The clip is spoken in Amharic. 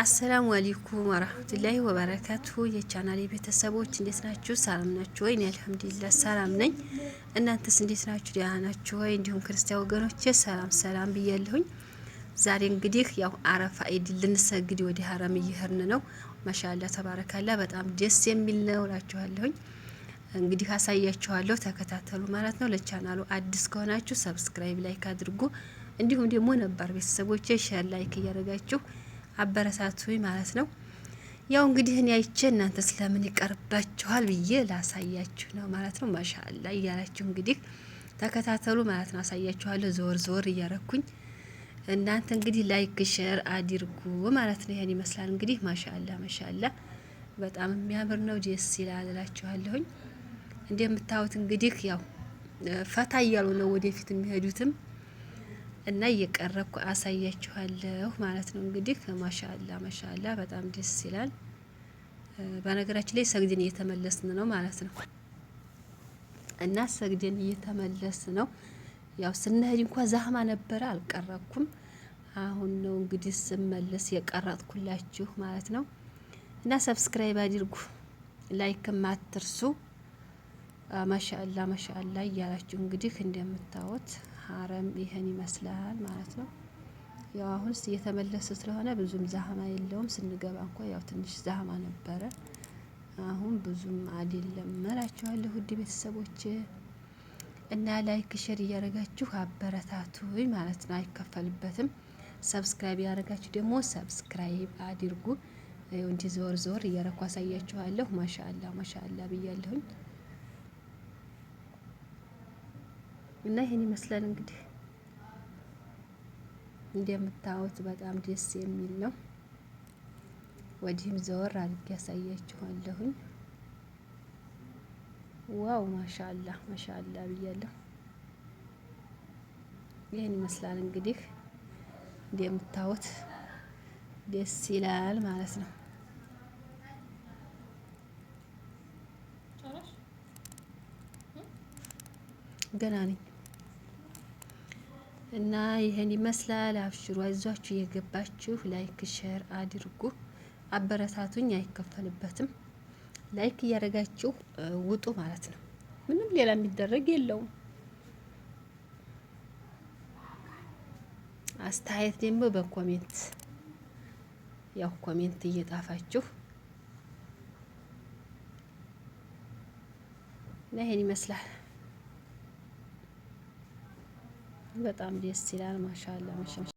አሰላሙ አለይኩም ወራህመቱላሂ ወበረካቱ የቻናሌ ቤተሰቦች እንዴት ናችሁ? ሰላም ናችሁ ወይ? እኔ አልሐምዱሊላህ ሰላም ነኝ። እናንተስ እንዴት ናችሁ? ደህና ናችሁ ወይ? እንዲሁም ክርስቲያን ወገኖች ሰላም ሰላም ብያለሁኝ። ዛሬ እንግዲህ ያው አረፋ ኢድ ልንሰግድ ወደ ሀረም እየሄድን ነው። ማሻአላ ተባረካላ በጣም ደስ የሚል ነው እላችኋለሁኝ። እንግዲህ አሳያችኋለሁ፣ ተከታተሉ ማለት ነው። ለቻናሉ አዲስ ከሆናችሁ ሰብስክራይብ፣ ላይክ አድርጉ። እንዲሁም ደግሞ ነባር ቤተሰቦቼ ሼር፣ ላይክ እያደረጋችሁ አበረታቱኝ ማለት ነው። ያው እንግዲህ እኔ አይቼ እናንተ ስለምን ይቀርባችኋል ብዬ ላሳያችሁ ነው ማለት ነው። ማሻአላ እያላችሁ እንግዲህ ተከታተሉ ማለት ነው። አሳያችኋለሁ ዞር ዞር እያረኩኝ እናንተ እንግዲህ ላይክ ሼር አድርጉ ማለት ነው። ይሄን ይመስላል እንግዲህ ማሻአላ ማሻአላ በጣም የሚያምር ነው፣ ደስ ይላል እላችኋለሁኝ። እንደምታዩት እንግዲህ ያው ፈታ እያሉ ነው ወደፊት የሚሄዱትም እና እየቀረብኩ አሳያችኋለሁ ማለት ነው። እንግዲህ ማሻአላ ማሻአላ በጣም ደስ ይላል። በነገራችን ላይ ሰግደን እየተመለስን ነው ማለት ነው። እና ሰግድን እየተመለስ ነው። ያው ስንሄድ እንኳ ዛህማ ነበረ፣ አልቀረብኩም። አሁን ነው እንግዲህ ስመለስ የቀረጥኩላችሁ ማለት ነው። እና ሰብስክራይብ አድርጉ፣ ላይክም አትርሱ። ማሻአላ ማሻአላ እያላችሁ እንግዲህ እንደምታዩት ሀረም ይህን ይመስላል ማለት ነው። ያው አሁንስ እየተመለሰ ስለሆነ ብዙም ዛህማ የለውም። ስንገባ እንኳ ያው ትንሽ ዛህማ ነበረ። አሁን ብዙም አይደለም እላችኋለሁ ውድ ቤተሰቦች እና ላይክ ሼር እያደረጋችሁ አበረታቱ ማለት ነው። አይከፈልበትም። ሰብስክራይብ ያደረጋችሁ ደግሞ ሰብስክራይብ አድርጉ። እንዲ ዞር ዞር እያረኩ አሳያችኋለሁ። ማሻአላ ማሻአላ ብያለሁኝ። እና ይሄን ይመስላል እንግዲህ እንደምታዩት በጣም ደስ የሚል ነው። ወዲህም ዘወር አድርጌ ያሳያችኋለሁኝ። ዋው ማሻአላ ማሻአላ ብያለሁ። ይህን ይመስላል እንግዲህ እንደምታዩት ደስ ይላል ማለት ነው። ገና ነኝ። እና ይህን ይመስላል። አብሽሩ፣ አይዟችሁ እየገባችሁ ላይክ ሼር አድርጉ፣ አበረታቱኝ። አይከፈልበትም። ላይክ እያደረጋችሁ ውጡ ማለት ነው። ምንም ሌላ የሚደረግ የለውም። አስተያየት ደግሞ በኮሜንት ያው ኮሜንት እየጣፋችሁ እና ይሄን ይመስላል። በጣም ደስ ይላል። ማሻአላ መሸምሸ